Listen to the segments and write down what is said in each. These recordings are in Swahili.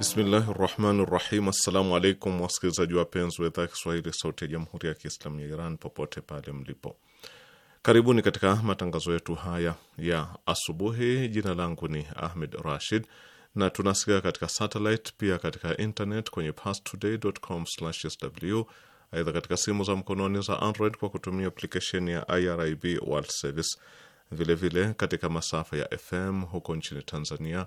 Bismillahi rahmani rahim. Assalamu alaikum wasikilizaji wapenzi wa idhaa Kiswahili sauti ya jamhuri ya Kiislamu ya Iran popote pale mlipo, karibuni katika matangazo yetu haya ya asubuhi. Jina langu ni Ahmed Rashid na tunasikika katika satellite pia katika internet kwenye pastoday.com/sw. Aidha, katika simu za mkononi za Android kwa kutumia aplikesheni ya IRIB World Service, vilevile katika masafa ya FM huko nchini Tanzania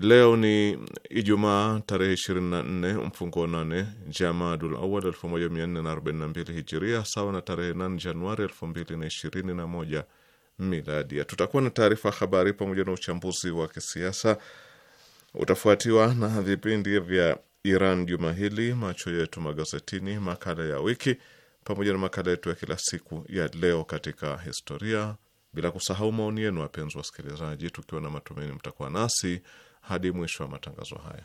Leo ni Ijumaa tarehe 24 mfungo 8 Jamadul Awal 1442 Hijiria, sawa na tarehe 8 Januari 2021 Miladia. Tutakuwa na taarifa habari pamoja na uchambuzi wa kisiasa, utafuatiwa na vipindi vya Iran juma hili, macho yetu magazetini, makala ya wiki pamoja na makala yetu ya kila siku ya leo katika historia, bila kusahau maoni yenu, wapenzi wasikilizaji, tukiwa na matumaini mtakuwa nasi hadi mwisho wa matangazo haya.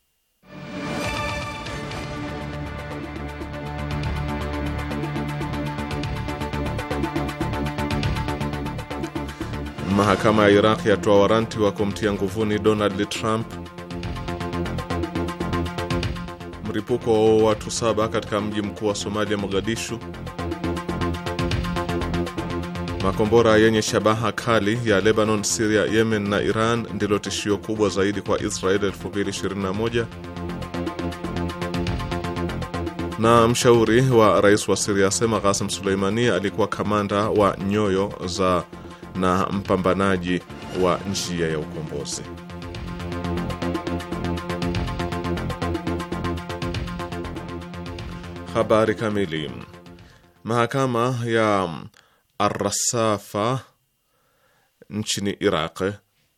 Mahakama ya Iraq yatoa waranti wa kumtia nguvuni Donald Trump. Mripuko wa watu saba katika mji mkuu wa Somalia, Mogadishu. Makombora yenye shabaha kali ya Lebanon, siria Yemen na Iran ndilo tishio kubwa zaidi kwa Israel 2021. Na mshauri wa rais wa siria asema Qassem Suleimani alikuwa kamanda wa nyoyo za na mpambanaji wa njia ya ukombozi. Habari kamili. Mahakama ya Arrasafa nchini Iraq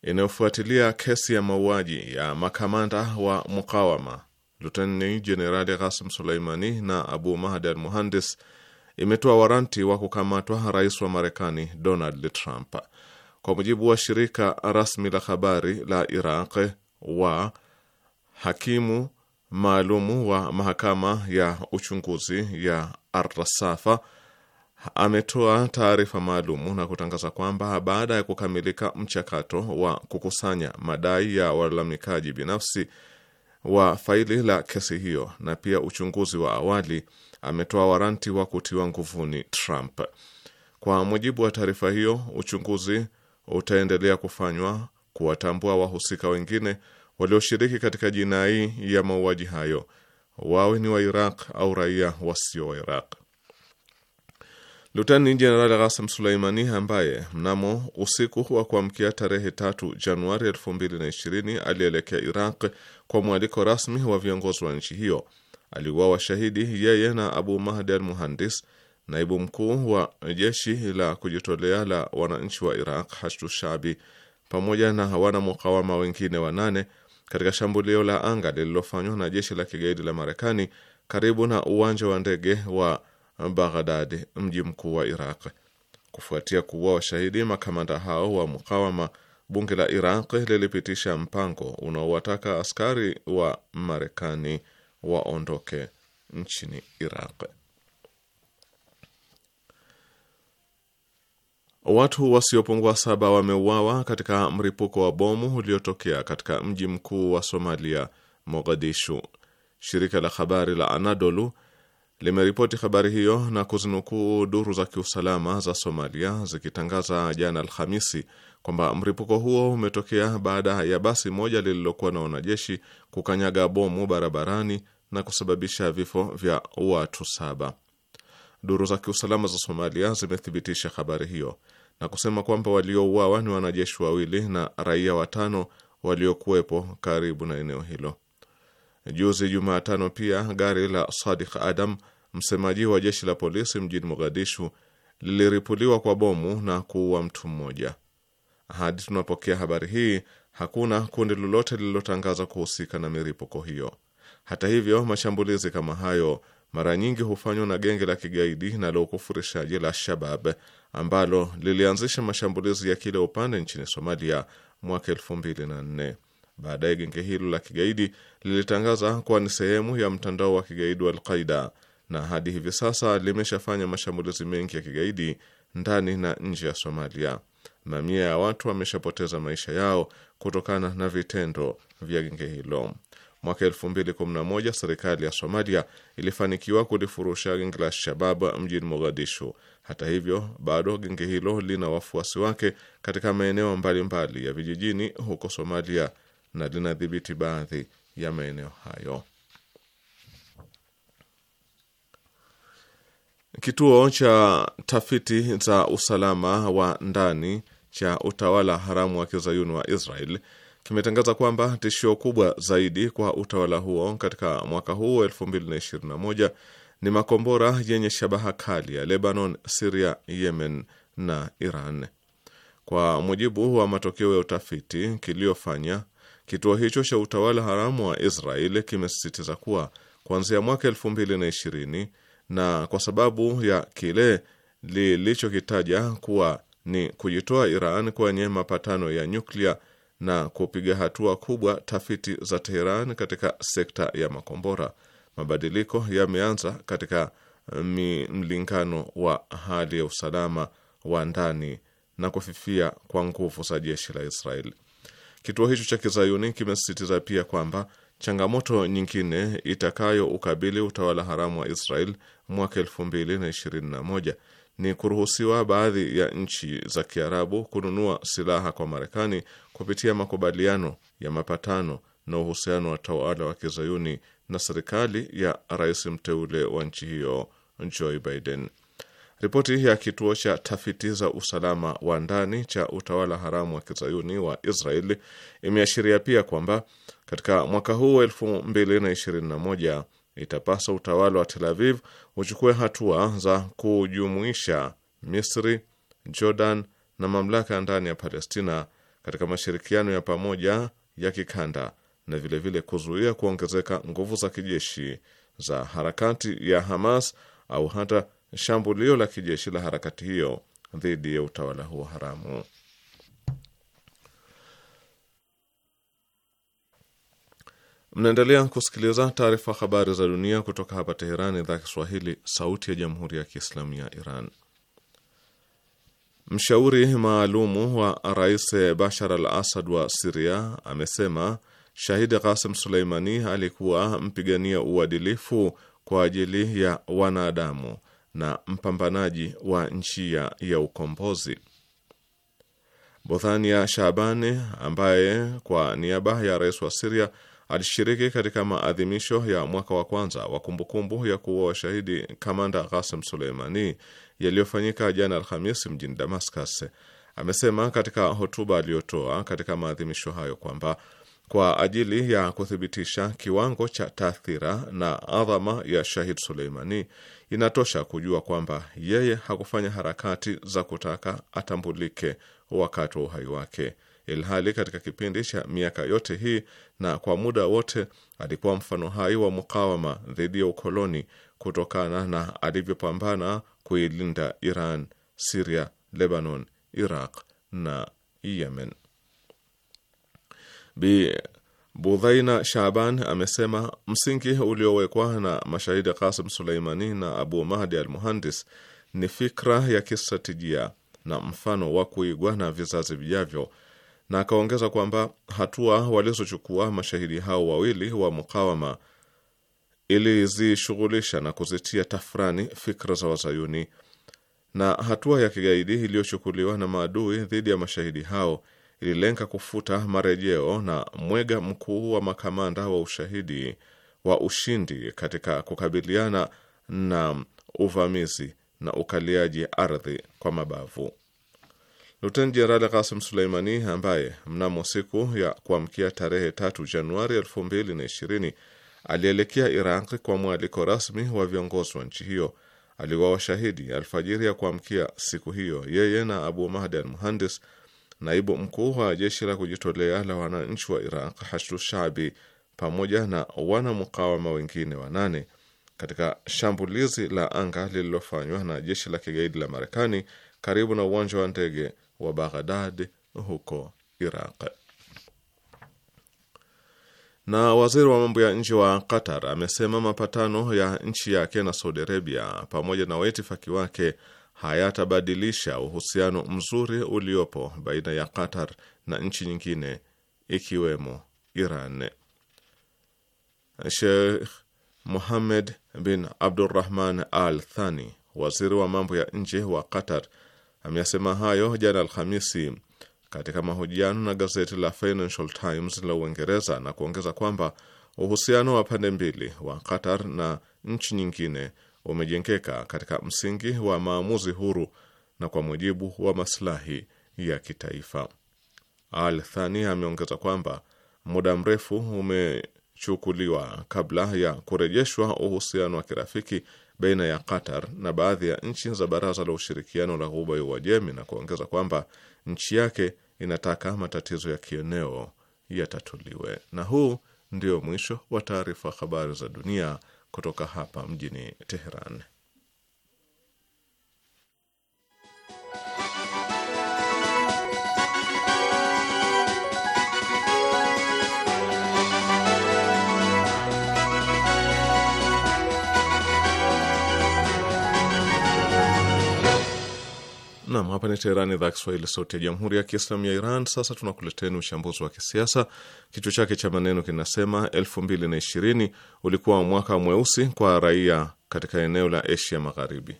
inayofuatilia kesi ya mauaji ya makamanda wa mukawama Luteni Jenerali Qasim Suleimani na Abu Mahdi al Muhandis imetoa waranti wa kukamatwa rais wa Marekani Donald Trump. Kwa mujibu wa shirika rasmi la habari la Iraq wa hakimu maalumu wa mahakama ya uchunguzi ya Arrasafa ametoa taarifa maalumu na kutangaza kwamba baada ya kukamilika mchakato wa kukusanya madai ya walalamikaji binafsi wa faili la kesi hiyo na pia uchunguzi wa awali ametoa waranti wa kutiwa nguvuni Trump. Kwa mujibu wa taarifa hiyo, uchunguzi utaendelea kufanywa kuwatambua wahusika wengine walioshiriki katika jinai ya mauaji hayo, wawe ni wa Iraq au raia wasio wa Iraq. Lutani Jenerali Ghasim Suleimani ambaye mnamo usiku wa kuamkia tarehe tatu Januari 2020 alielekea Iraq kwa mwaliko rasmi wa viongozi wa nchi hiyo aliuawa shahidi yeye na Abu Mahdi al-Muhandis, naibu mkuu wa jeshi la kujitolea la wananchi wa Iraq Hashdu Shabi, pamoja na wana mukawama wengine wanane katika shambulio la anga lililofanywa na jeshi la kigaidi la Marekani karibu na uwanja wa ndege wa Baghdad, mji mkuu wa Iraq. Kufuatia kuuawa shahidi makamanda hao wa mukawama, bunge la Iraq lilipitisha mpango unaowataka askari wa Marekani waondoke nchini Iraq. Watu wasiopungua saba wameuawa katika mripuko wa bomu uliotokea katika mji mkuu wa Somalia, Mogadishu. Shirika la habari la Anadolu limeripoti habari hiyo na kuzinukuu duru za kiusalama za Somalia zikitangaza jana Alhamisi kwamba mripuko huo umetokea baada ya basi moja lililokuwa na wanajeshi kukanyaga bomu barabarani na kusababisha vifo vya watu saba. Duru za kiusalama za Somalia zimethibitisha habari hiyo na kusema kwamba waliouawa ni wanajeshi wawili na raia watano waliokuwepo karibu na eneo hilo. Juzi Jumatano pia gari la Sadik Adam, msemaji wa jeshi la polisi mjini Mogadishu, liliripuliwa kwa bomu na kuua mtu mmoja. Hadi tunapokea habari hii, hakuna kundi lolote lililotangaza kuhusika na miripuko hiyo. Hata hivyo, mashambulizi kama hayo mara nyingi hufanywa na genge la kigaidi na la ukufurishaji la Shabab ambalo lilianzisha mashambulizi ya kila upande nchini Somalia mwaka elfu mbili na nne. Baadaye genge hilo la kigaidi lilitangaza kuwa ni sehemu ya mtandao wa kigaidi wa Alqaida na hadi hivi sasa limeshafanya mashambulizi mengi ya kigaidi ndani na nje ya Somalia. Mamia ya watu wameshapoteza maisha yao kutokana na vitendo vya genge hilo. Mwaka 2011 serikali ya Somalia ilifanikiwa kulifurusha genge la Shabab mjini Mogadishu. Hata hivyo, bado genge hilo lina wafuasi wake katika maeneo mbalimbali ya vijijini huko Somalia na linadhibiti baadhi ya maeneo hayo. Kituo cha tafiti za usalama wa ndani cha utawala haramu wa kizayuni wa Israel kimetangaza kwamba tishio kubwa zaidi kwa utawala huo katika mwaka huu 2021 ni makombora yenye shabaha kali ya Lebanon, Siria, Yemen na Iran. Kwa mujibu wa matokeo ya utafiti kiliyofanya kituo hicho cha utawala haramu wa Israeli kimesisitiza kuwa kuanzia mwaka 2020 na kwa sababu ya kile lilichokitaja kuwa ni kujitoa Iran kwenye mapatano ya nyuklia na kupiga hatua kubwa tafiti za Teheran katika sekta ya makombora. Mabadiliko yameanza katika mlingano wa hali ya usalama wa ndani na kufifia kwa nguvu za jeshi la Israeli. Kituo hicho cha kizayuni kimesisitiza pia kwamba changamoto nyingine itakayo ukabili utawala haramu wa Israel mwaka 2021 ni kuruhusiwa baadhi ya nchi za Kiarabu kununua silaha kwa Marekani kupitia makubaliano ya mapatano na uhusiano wa tawala wa kizayuni na serikali ya rais mteule wa nchi hiyo Joe Biden. Ripoti ya kituo cha tafiti za usalama wa ndani cha utawala haramu wa kizayuni wa israel imeashiria pia kwamba katika mwaka huu 2021 itapasa utawala wa Tel Aviv uchukue hatua za kujumuisha Misri, Jordan na mamlaka ndani ya Palestina katika mashirikiano ya pamoja ya kikanda na vilevile vile kuzuia kuongezeka nguvu za kijeshi za harakati ya Hamas au hata shambulio la kijeshi la harakati hiyo dhidi ya utawala huo haramu. Mnaendelea kusikiliza taarifa habari za dunia kutoka hapa Teherani, idhaa Kiswahili, sauti ya jamhuri ya kiislamu ya Iran. Mshauri maalumu wa rais Bashar al Asad wa Siria amesema shahidi Qasim Suleimani alikuwa mpigania uadilifu kwa ajili ya wanadamu na mpambanaji wa njia ya ukombozi. Bothania Shabani ambaye kwa niaba ya rais wa Siria alishiriki katika maadhimisho ya mwaka wa kwanza wa kumbukumbu ya kuwa washahidi kamanda Ghasim Suleimani yaliyofanyika jana Alhamisi mjini Damascus. Amesema katika hotuba aliyotoa katika maadhimisho hayo kwamba kwa ajili ya kuthibitisha kiwango cha taathira na adhama ya Shahid Suleimani inatosha kujua kwamba yeye hakufanya harakati za kutaka atambulike wakati wa uhai wake ilhali katika kipindi cha miaka yote hii na kwa muda wote alikuwa mfano hai wa mukawama dhidi ya ukoloni kutokana na alivyopambana kuilinda Iran, Siria, Lebanon, Iraq na Yemen. Bi Budhaina Shaban amesema msingi uliowekwa na mashahidi Qasim Suleimani na Abu Mahdi al Muhandis ni fikra ya kistratejia na mfano wa kuigwa na vizazi vijavyo na akaongeza kwamba hatua walizochukua mashahidi hao wawili wa mukawama ilizishughulisha na kuzitia tafrani fikra za Wazayuni, na hatua ya kigaidi iliyochukuliwa na maadui dhidi ya mashahidi hao ililenga kufuta marejeo na mwega mkuu wa makamanda wa ushahidi wa ushindi katika kukabiliana na uvamizi na ukaliaji ardhi kwa mabavu. Luteni Jenerali Kasim Suleimani ambaye mnamo siku ya kuamkia tarehe 3 Januari 2020 alielekea Iraq kwa mwaliko rasmi wa viongozi wa nchi hiyo aliwawa shahidi alfajiri ya kuamkia siku hiyo, yeye na Abu Mahdi al Muhandis, naibu mkuu wa jeshi la kujitolea la wananchi wa Iraq Hashdu Shabi, pamoja na wanamukawama wengine wanane katika shambulizi la anga lililofanywa na jeshi la kigaidi la Marekani karibu na uwanja wa ndege wa Baghdad huko Iraq. Na waziri wa mambo ya nje wa Qatar amesema mapatano ya nchi yake na Saudi Arabia pamoja na waitifaki wake hayatabadilisha uhusiano mzuri uliopo baina ya Qatar na nchi nyingine ikiwemo Iran. Sheikh Mohammed bin Abdulrahman Al Thani, waziri wa mambo ya nje wa Qatar, Ameyasema hayo jana Alhamisi katika mahojiano na gazeti la Financial Times la Uingereza na kuongeza kwamba uhusiano wa pande mbili wa Qatar na nchi nyingine umejengeka katika msingi wa maamuzi huru na kwa mujibu wa maslahi ya kitaifa. Al Thani ameongeza kwamba muda mrefu umechukuliwa kabla ya kurejeshwa uhusiano wa kirafiki baina ya Qatar na baadhi ya nchi za Baraza la Ushirikiano la Ghuba ya Uajemi na kuongeza kwamba nchi yake inataka matatizo ya kieneo yatatuliwe. Na huu ndio mwisho wa taarifa habari za dunia kutoka hapa mjini Teheran. Nam, hapa ni Teherani, idhaa Kiswahili, sauti ya jamhuri ya kiislamu ya Iran. Sasa tunakuleteni uchambuzi wa kisiasa, kichwa chake cha maneno kinasema elfu mbili na ishirini ulikuwa mwaka mweusi kwa raia katika eneo la Asia Magharibi.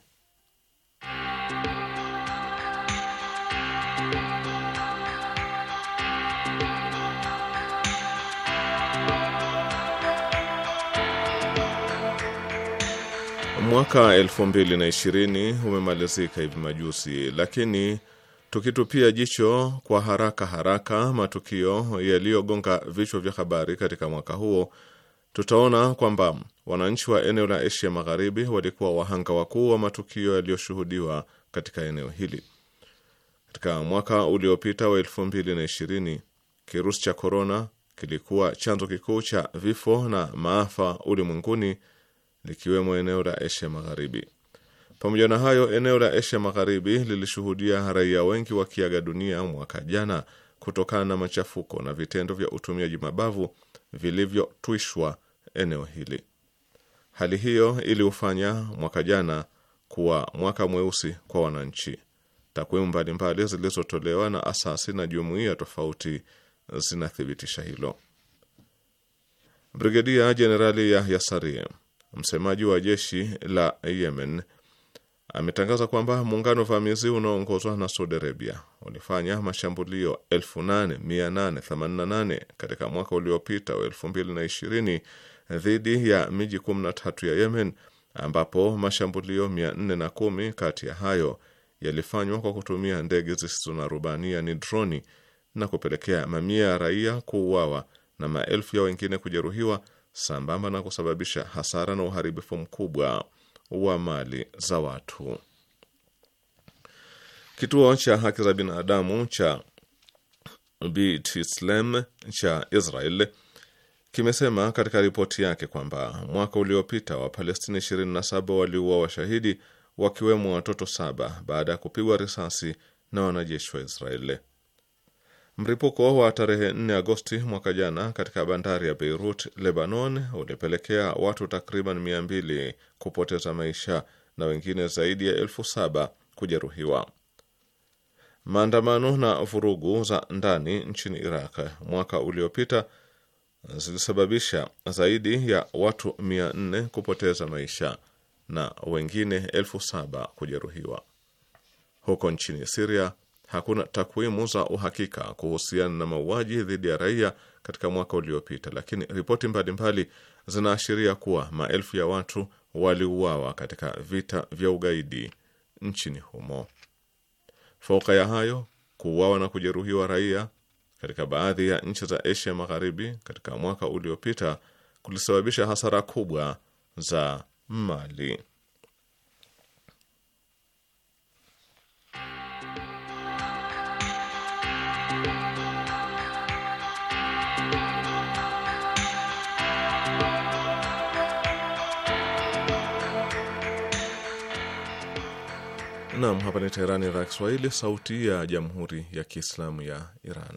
Mwaka 2020 umemalizika hivi majuzi, lakini tukitupia jicho kwa haraka haraka matukio yaliyogonga vichwa vya habari katika mwaka huo, tutaona kwamba wananchi wa eneo la Asia Magharibi walikuwa wahanga wakuu wa matukio yaliyoshuhudiwa katika eneo hili. Katika mwaka uliopita wa elfu kirusi cha korona kilikuwa chanzo kikuu cha vifo na maafa ulimwenguni likiwemo eneo la Asia Magharibi. Pamoja na hayo, eneo la Asia Magharibi lilishuhudia raia wengi wakiaga dunia mwaka jana kutokana na machafuko na vitendo vya utumiaji mabavu vilivyotwishwa eneo hili. Hali hiyo iliufanya mwaka jana kuwa mwaka mweusi kwa wananchi. Takwimu mbalimbali zilizotolewa na asasi na jumuiya tofauti zinathibitisha hilo. Brigedia Jenerali Yahya Sari, Msemaji wa jeshi la Yemen ametangaza kwamba muungano vamizi unaoongozwa na Saudi Arabia ulifanya mashambulio 8888 katika mwaka uliopita wa 2020 dhidi ya miji 13 ya Yemen, ambapo mashambulio 410 kati ya hayo yalifanywa kwa kutumia ndege zisizo na rubani, yani droni, na kupelekea mamia ya raia kuuawa na maelfu ya wengine kujeruhiwa sambamba na kusababisha hasara na uharibifu mkubwa wa mali za watu. Kituo cha haki za binadamu cha B'Tselem cha Israel kimesema katika ripoti yake kwamba mwaka uliopita Wapalestina 27 waliuawa washahidi wakiwemo watoto saba baada ya kupigwa risasi na wanajeshi wa Israeli. Mripuko wa tarehe 4 Agosti mwaka jana katika bandari ya Beirut, Lebanon, ulipelekea watu takriban 200 kupoteza maisha na wengine zaidi ya elfu saba kujeruhiwa. Maandamano na vurugu za ndani nchini Iraq mwaka uliopita zilisababisha zaidi ya watu 400 kupoteza maisha na wengine elfu saba kujeruhiwa. Huko nchini Siria hakuna takwimu za uhakika kuhusiana na mauaji dhidi ya raia katika mwaka uliopita, lakini ripoti mbalimbali zinaashiria kuwa maelfu ya watu waliuawa katika vita vya ugaidi nchini humo. Fauka ya hayo, kuuawa na kujeruhiwa raia katika baadhi ya nchi za Asia Magharibi katika mwaka uliopita kulisababisha hasara kubwa za mali. Naam, hapa ni Teherani, idhaa Kiswahili, sauti ya jamhuri ya kiislamu ya Iran.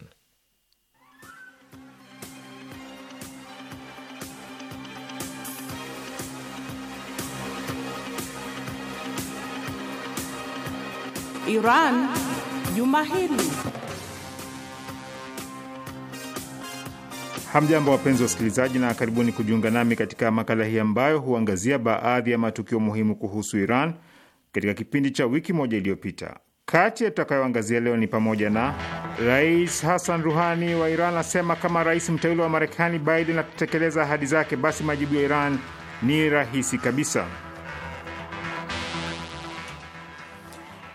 Iran juma hili. Hamjambo, wapenzi wa usikilizaji, na karibuni kujiunga nami katika makala hii ambayo huangazia baadhi ya matukio muhimu kuhusu Iran katika kipindi cha wiki moja iliyopita. Kati ya tutakayoangazia leo ni pamoja na Rais Hassan Ruhani wa Iran asema kama rais mteule wa Marekani Biden atatekeleza ahadi zake, basi majibu ya Iran ni rahisi kabisa.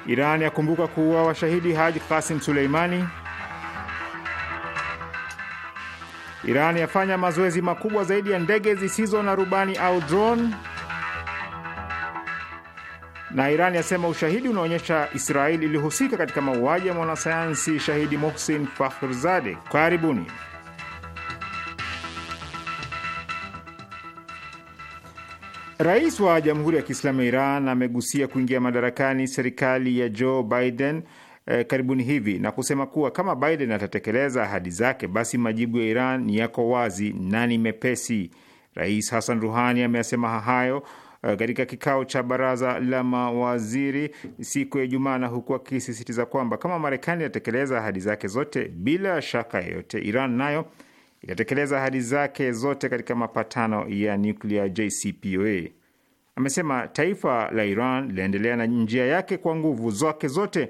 Iran yakumbuka kuua washahidi Haji Kasim Suleimani. Iran yafanya mazoezi makubwa zaidi ya ndege zisizo na rubani au drone na Iran yasema ushahidi unaonyesha israel ilihusika katika mauaji ya mwanasayansi shahidi Mohsin Fakhrizadeh. Karibuni. Rais wa Jamhuri ya Kiislamu ya Iran amegusia kuingia madarakani serikali ya Joe Biden eh, karibuni hivi na kusema kuwa kama Biden atatekeleza ahadi zake, basi majibu ya Iran ni yako wazi na ni mepesi. Rais Hassan Ruhani ameyasema hayo Eh, katika kikao cha baraza la mawaziri siku ya Ijumaa, na huku akisisitiza kwamba kama Marekani inatekeleza ahadi zake zote bila shaka yoyote, Iran nayo itatekeleza ahadi zake zote katika mapatano ya nuklia JCPOA. Amesema taifa la Iran linaendelea na njia yake kwa nguvu zake zote,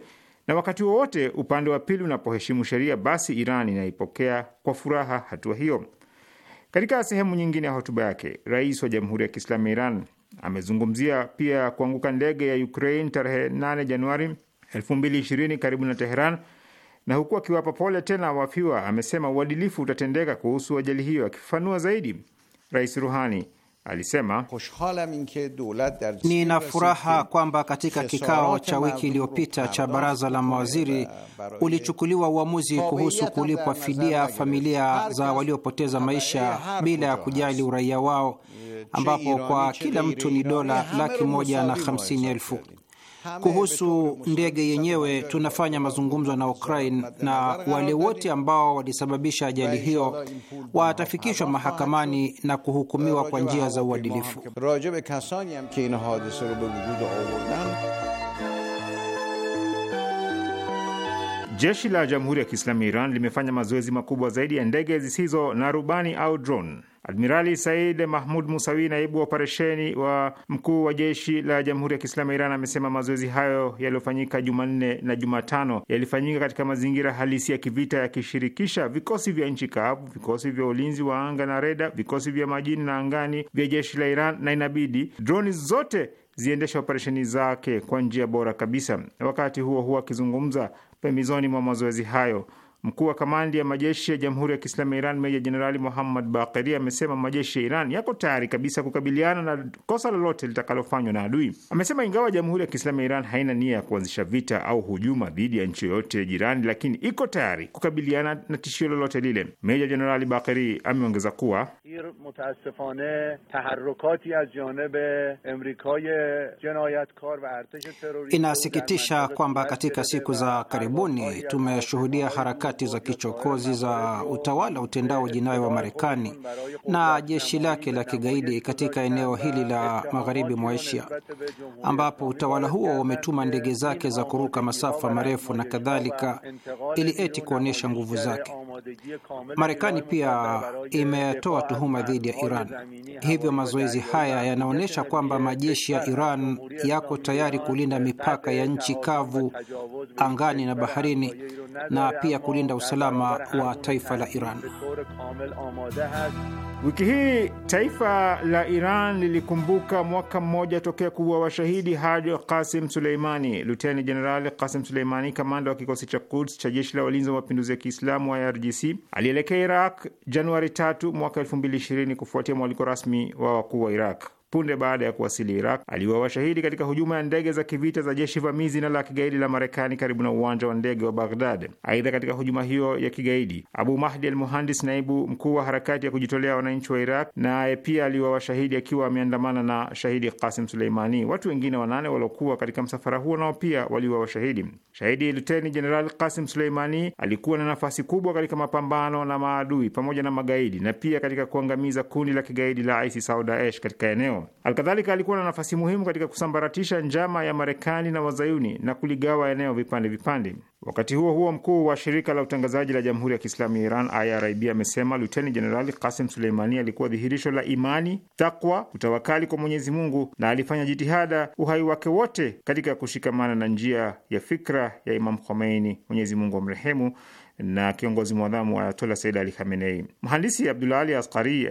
na wakati wowote upande wa pili unapoheshimu sheria, basi Iran inaipokea kwa furaha hatua hiyo. Katika sehemu nyingine ya hotuba yake, rais wa Jamhuri ya Kiislamu ya Iran Amezungumzia pia kuanguka ndege ya Ukraine tarehe 8 Januari 2020 karibu na Teheran na huku akiwapa pole tena wafiwa, amesema uadilifu utatendeka kuhusu ajali hiyo. Akifafanua zaidi, Rais Ruhani Alisema, nina furaha kwamba katika kikao cha wiki iliyopita cha baraza la mawaziri ulichukuliwa uamuzi kuhusu kulipwa fidia familia za waliopoteza maisha bila ya kujali uraia wao, ambapo kwa kila mtu ni dola laki moja na hamsini elfu. Kuhusu ndege yenyewe, tunafanya mazungumzo na Ukraine na wale wote ambao walisababisha ajali hiyo watafikishwa mahakamani na kuhukumiwa kwa njia za uadilifu. Jeshi la Jamhuri ya Kiislamu ya Iran limefanya mazoezi makubwa zaidi ya ndege zisizo na rubani au drone. Admirali Said Mahmud Musawi, naibu wa operesheni wa mkuu wa jeshi la Jamhuri ya Kiislamu ya Iran, amesema mazoezi hayo yaliyofanyika Jumanne na Jumatano yalifanyika katika mazingira halisi ya kivita yakishirikisha vikosi vya nchi kavu, vikosi vya ulinzi wa anga na reda, vikosi vya majini na angani vya jeshi la Iran na inabidi droni zote ziendeshe operesheni zake kwa njia bora kabisa. Wakati huo huo, akizungumza pembezoni mwa mazoezi hayo, Mkuu wa kamandi ya majeshi ya Jamhuri ya Kiislamu ya Iran Meja Jenerali Muhammad Bakeri amesema majeshi ya Iran yako tayari kabisa kukabiliana na kosa lolote litakalofanywa na adui. Amesema ingawa Jamhuri ya Kiislamu ya Iran haina nia ya kuanzisha vita au hujuma dhidi ya nchi yoyote ya jirani, lakini iko tayari kukabiliana na tishio lolote lile. Meja Jenerali Baqeri ameongeza kuwa inasikitisha kwamba katika siku za karibuni tumeshuhudia harakati harakati za kichokozi za utawala utendao jinai wa Marekani na jeshi lake la kigaidi katika eneo hili la magharibi mwa Asia, ambapo utawala huo umetuma ndege zake za kuruka masafa marefu na kadhalika, ili eti kuonyesha nguvu zake. Marekani pia imetoa tuhuma dhidi ya Iran. Hivyo mazoezi haya yanaonyesha kwamba majeshi ya Iran yako tayari kulinda mipaka ya nchi kavu, angani na baharini, na pia kulinda kulinda usalama wa taifa la Iran. Wiki hii taifa la Iran lilikumbuka mwaka mmoja tokea kuwa washahidi Haji Kasim Suleimani. Luteni Jenerali Kasim Suleimani, kamanda wa kikosi cha Kuds cha jeshi la walinzi wa mapinduzi ya Kiislamu wa IRGC, alielekea Iraq Januari 3 mwaka 2020 kufuatia mwaliko rasmi wa wakuu wa Iraq punde baada ya kuwasili Iraq, aliuawa shahidi katika hujuma ya ndege za kivita za jeshi vamizi na la kigaidi la Marekani karibu na uwanja wa ndege wa Baghdad. Aidha, katika hujuma hiyo ya kigaidi, Abu Mahdi al Muhandis, naibu mkuu wa harakati ya kujitolea wananchi wa Iraq, naye pia aliuawa shahidi akiwa ameandamana na shahidi kasim Suleimani. Watu wengine wanane waliokuwa katika msafara huo nao pia waliuawa shahidi. Shahidi Luteni Jenerali kasim Suleimani alikuwa na nafasi kubwa katika mapambano na maadui pamoja na magaidi na pia katika kuangamiza kundi la kigaidi la ISIS au Daesh katika eneo Alkadhalika, alikuwa na nafasi muhimu katika kusambaratisha njama ya Marekani na Wazayuni na kuligawa eneo vipande vipande. Wakati huo huo, mkuu wa shirika la utangazaji la Jamhuri ya Kiislamu ya Iran IRIB amesema Luteni Jenerali Kasim Suleimani alikuwa dhihirisho la imani, takwa, utawakali kwa Mwenyezi Mungu na alifanya jitihada uhai wake wote katika kushikamana na njia ya fikra ya Imam Khomeini, Mwenyezi Mungu amrehemu, na kiongozi mwadhamu Ayatola Said Ali Khamenei. Mhandisi Abdulali Askari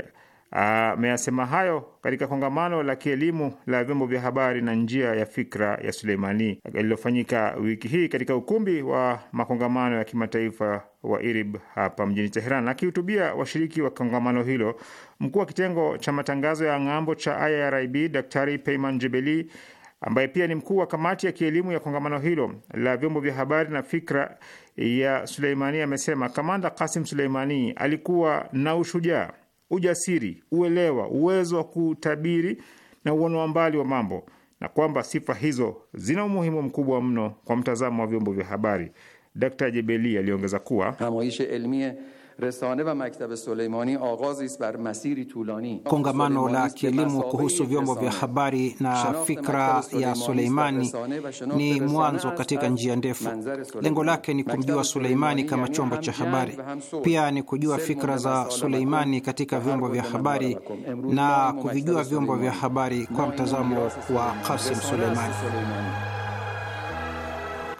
Ah, ameyasema hayo katika kongamano la kielimu la vyombo vya habari na njia ya fikra ya Suleimani lililofanyika wiki hii katika ukumbi wa makongamano ya kimataifa wa IRIB hapa mjini Teheran. Akihutubia washiriki wa kongamano hilo, mkuu wa kitengo cha matangazo ya ng'ambo cha IRIB Daktari Peyman Jebeli ambaye pia ni mkuu wa kamati ya kielimu ya kongamano hilo la vyombo vya habari na fikra ya Suleimani amesema kamanda Kasim Suleimani alikuwa na ushujaa ujasiri, uelewa, uwezo wa kutabiri na uono wa mbali wa mambo, na kwamba sifa hizo zina umuhimu mkubwa mno kwa mtazamo wa vyombo vya habari. Dkt Jebeli aliongeza kuwa Resane wa maktab Suleimani Aghazi ist bar masiri tulani. Kongamano la kielimu kuhusu vyombo vya habari na fikra ya Suleimani ni mwanzo katika njia ndefu. Lengo lake ni kumjua Suleimani kama chombo cha habari, pia ni kujua fikra za Suleimani katika vyombo vya habari na kuvijua vyombo vya habari kwa mtazamo wa Qasim Suleimani.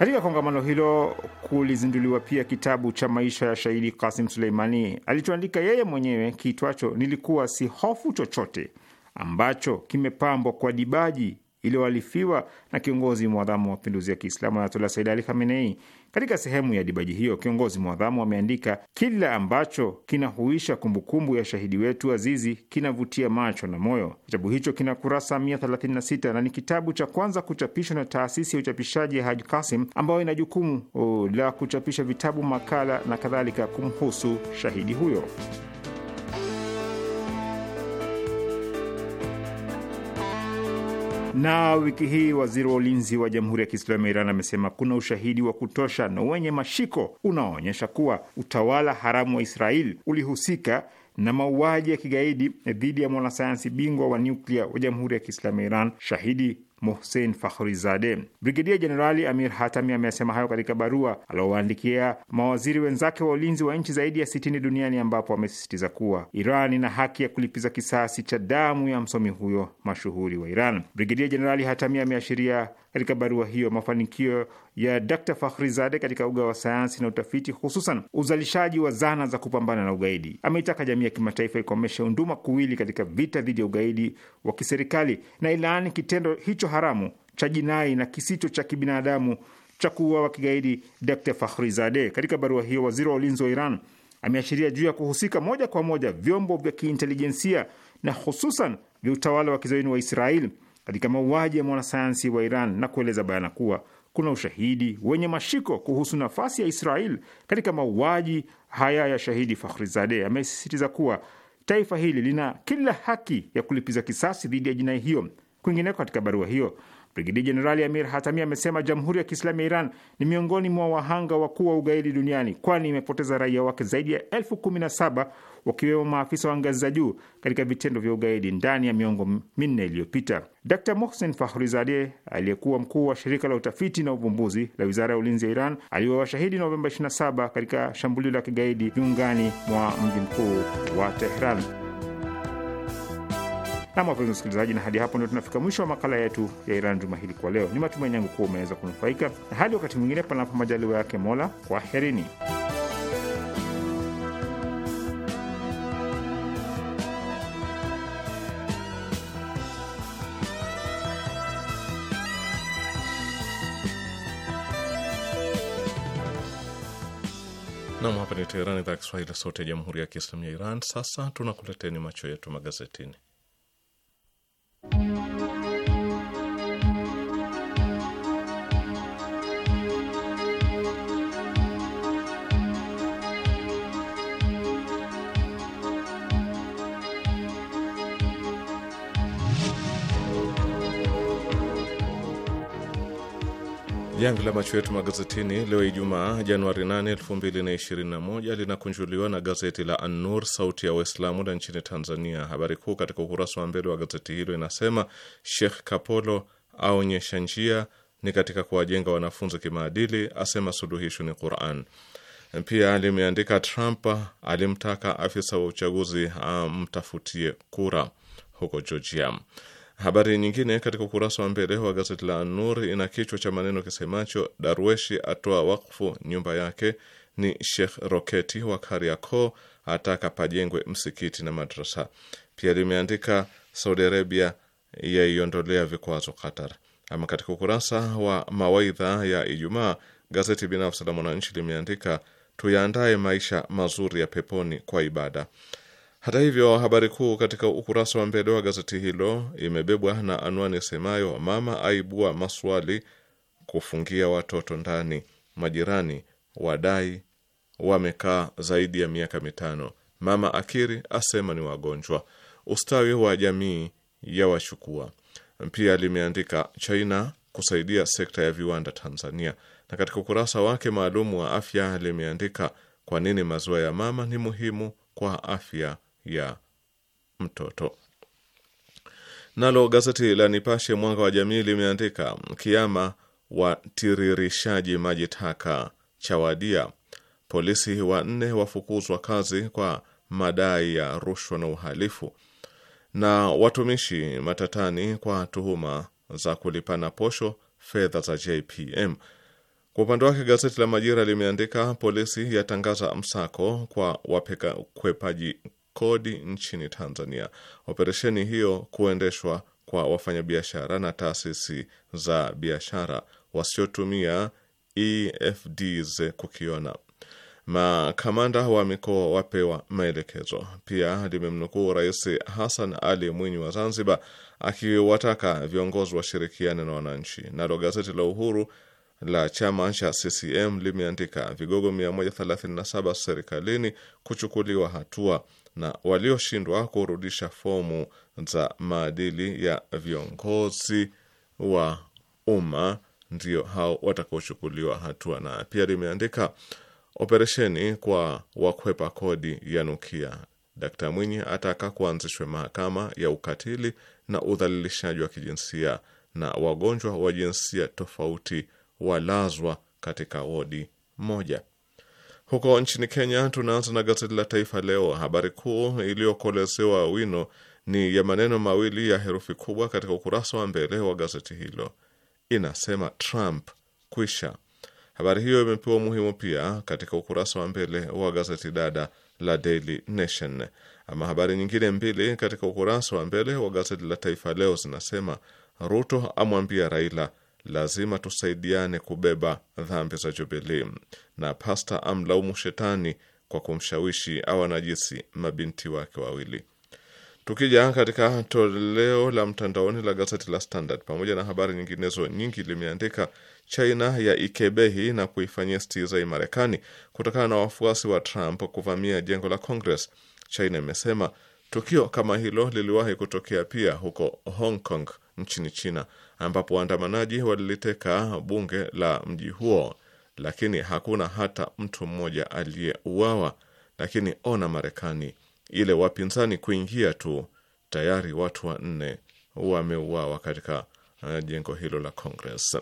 Katika kongamano hilo kulizinduliwa pia kitabu cha maisha ya shahidi Kasim Suleimani alichoandika yeye mwenyewe kiitwacho Nilikuwa si hofu chochote, ambacho kimepambwa kwa dibaji iliyoalifiwa na kiongozi mwadhamu wa mapinduzi ya Kiislamu Ayatollah Said Ali Khamenei. Katika sehemu ya dibaji hiyo, kiongozi mwadhamu ameandika, kila ambacho kinahuisha kumbukumbu ya shahidi wetu azizi kinavutia macho na moyo. Kitabu hicho kina kurasa 136 na ni kitabu cha kwanza kuchapishwa na taasisi ya uchapishaji ya Haji Kasim ambayo ina jukumu uh, la kuchapisha vitabu, makala na kadhalika kumhusu shahidi huyo. Na wiki hii waziri wa ulinzi wa Jamhuri ya Kiislamu ya Iran amesema kuna ushahidi wa kutosha na wenye mashiko unaoonyesha kuwa utawala haramu wa israel ulihusika na mauaji ya kigaidi dhidi ya mwanasayansi bingwa wa nyuklia wa Jamhuri ya Kiislamu ya Iran shahidi Mohsen Fakhrizadeh. Brigedia Jenerali Amir Hatami amesema hayo katika barua aliowaandikia mawaziri wenzake wa ulinzi wa nchi zaidi ya sitini duniani ambapo amesisitiza kuwa Iran ina haki ya kulipiza kisasi cha damu ya msomi huyo mashuhuri wa Iran. Brigedia Jenerali Hatami ameashiria katika barua hiyo mafanikio ya Dr. Fakhrizade katika uga wa sayansi na utafiti, hususan uzalishaji wa zana za kupambana na ugaidi. Ameitaka jamii ya kimataifa ikomeshe unduma kuwili katika vita dhidi ya ugaidi wa kiserikali na ilaani kitendo hicho haramu cha jinai na kisicho cha kibinadamu cha kuuawa kigaidi Dr. Fakhrizade. Katika barua hiyo, waziri wa ulinzi wa Iran ameashiria juu ya kuhusika moja kwa moja vyombo vya kiintelijensia na hususan vya utawala wa kizayuni wa Israeli katika mauaji ya mwanasayansi wa Iran na kueleza bayana kuwa kuna ushahidi wenye mashiko kuhusu nafasi ya Israel katika mauaji haya ya shahidi Fakhrizadeh. Amesisitiza kuwa taifa hili lina kila haki ya kulipiza kisasi dhidi ya jinai hiyo. Kwingineko, katika barua hiyo, brigedi Jenerali Amir Hatami amesema jamhuri ya Kiislamu ya Iran ni miongoni mwa wahanga wakuu wa ugaidi duniani, kwani imepoteza raia wake zaidi ya elfu kumi na saba wakiwemo maafisa wa ngazi za juu katika vitendo vya ugaidi ndani ya miongo minne iliyopita. Dr Mohsen Fakhrizadeh aliyekuwa mkuu wa shirika la utafiti na uvumbuzi la wizara ya ulinzi ya Iran washahidi Novemba 27 katika shambulio la kigaidi viungani mwa mji mkuu wa Tehran. Nam, wapenzi wasikilizaji, na hadi hapo ndio tunafika mwisho wa makala yetu ya Iran juma hili kwa leo. Ni matumaini yangu kuwa umeweza kunufaika, na hadi wakati mwingine, panapo majaliwa yake Mola, kwaherini. Teherani, idhaa ya Kiswahili, sauti ya jamhuri ya kiislamu ya Iran. Sasa tunakuleteni macho yetu magazetini. Jamvi la macho yetu magazetini leo Ijumaa, Januari 8, 2021 linakunjuliwa na gazeti la anur sauti ya Waislamu la nchini Tanzania. Habari kuu katika ukurasa wa mbele wa gazeti hilo inasema Sheikh Kapolo aonyesha njia ni katika kuwajenga wanafunzi kimaadili, asema suluhisho ni Quran. Pia limeandika Trump alimtaka afisa wa uchaguzi amtafutie kura huko Georgia. Habari nyingine katika ukurasa wa mbele wa gazeti la nur ina kichwa cha maneno kisemacho Darweshi atoa wakfu nyumba yake, ni Sheikh Roketi wa Kariakoo ataka pajengwe msikiti na madrasa. Pia limeandika Saudi Arabia yaiondolea vikwazo Qatar. Ama katika ukurasa wa mawaidha ya Ijumaa, gazeti binafsi la Mwananchi limeandika tuyaandaye maisha mazuri ya peponi kwa ibada. Hata hivyo, habari kuu katika ukurasa wa mbele wa gazeti hilo imebebwa na anwani semayo mama aibua maswali kufungia watoto ndani, majirani wadai wamekaa zaidi ya miaka mitano, mama akiri asema ni wagonjwa, ustawi wa jamii ya wachukua. Pia limeandika China kusaidia sekta ya viwanda Tanzania, na katika ukurasa wake maalum wa afya limeandika kwa nini maziwa ya mama ni muhimu kwa afya ya mtoto. Nalo gazeti la Nipashe Mwanga wa Jamii limeandika kiama watiririshaji maji taka chawadia, polisi wanne wafukuzwa kazi kwa madai ya rushwa na uhalifu, na watumishi matatani kwa tuhuma za kulipana posho fedha za JPM. Kwa upande wake gazeti la Majira limeandika polisi yatangaza msako kwa wakwepaji kodi nchini Tanzania. Operesheni hiyo kuendeshwa kwa wafanyabiashara na taasisi za biashara wasiotumia EFDs kukiona. Makamanda wa mikoa wapewa maelekezo. Pia limemnukuu Rais Hassan Ali Mwinyi wa Zanzibar akiwataka viongozi washirikiane na wananchi. Nalo gazeti la Uhuru la chama cha CCM limeandika vigogo 137 serikalini kuchukuliwa hatua na walioshindwa kurudisha fomu za maadili ya viongozi wa umma ndio hao watakaochukuliwa hatua. Na pia limeandika operesheni kwa wakwepa kodi ya nukia. Dkt Mwinyi ataka kuanzishwe mahakama ya ukatili na udhalilishaji wa kijinsia, na wagonjwa wa jinsia tofauti walazwa katika wodi moja. Huko nchini Kenya, tunaanza na gazeti la Taifa Leo. Habari kuu iliyokolezewa wino ni ya maneno mawili ya herufi kubwa katika ukurasa wa mbele wa gazeti hilo, inasema Trump kwisha. Habari hiyo imepewa umuhimu pia katika ukurasa wa mbele wa gazeti dada la Daily Nation. Ama habari nyingine mbili katika ukurasa wa mbele wa gazeti la Taifa Leo zinasema Ruto amwambia Raila lazima tusaidiane kubeba dhambi za Jubilii, na pasta amlaumu shetani kwa kumshawishi au anajisi mabinti wake wawili. Tukija katika toleo la mtandaoni la gazeti la Standard, pamoja na habari nyinginezo nyingi, limeandika China ya ikebehi na kuifanyia stizai Marekani kutokana na wafuasi wa Trump kuvamia jengo la Congress. China imesema tukio kama hilo liliwahi kutokea pia huko Hong Kong nchini China ambapo waandamanaji waliliteka bunge la mji huo, lakini hakuna hata mtu mmoja aliyeuawa. Lakini ona Marekani, ile wapinzani kuingia tu tayari watu wanne wameuawa katika uh, jengo hilo la Congress.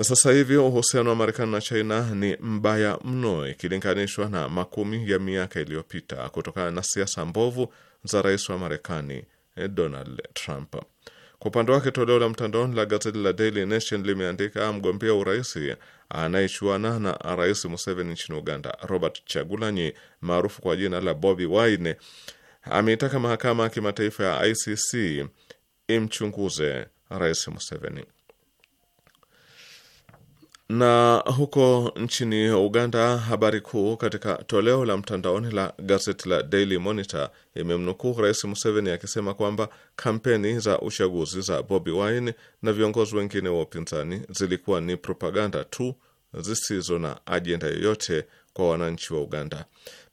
Sasa hivi uhusiano wa Marekani na China ni mbaya mno ikilinganishwa na makumi ya miaka iliyopita kutokana na siasa mbovu za rais wa Marekani eh, Donald Trump. Kwa upande wake toleo la mtandaoni la gazeti la Daily Nation limeandika mgombea urais anayechuana na Rais Museveni nchini Uganda, Robert Chagulanyi maarufu kwa jina la Bobi Wine ameitaka mahakama ya kimataifa ya ICC imchunguze Rais Museveni. Na huko nchini Uganda, habari kuu katika toleo la mtandaoni la gazeti la Daily Monitor imemnukuu Rais Museveni akisema kwamba kampeni za uchaguzi za Bobi Wine na viongozi wengine wa upinzani zilikuwa ni propaganda tu zisizo na ajenda yoyote kwa wananchi wa Uganda.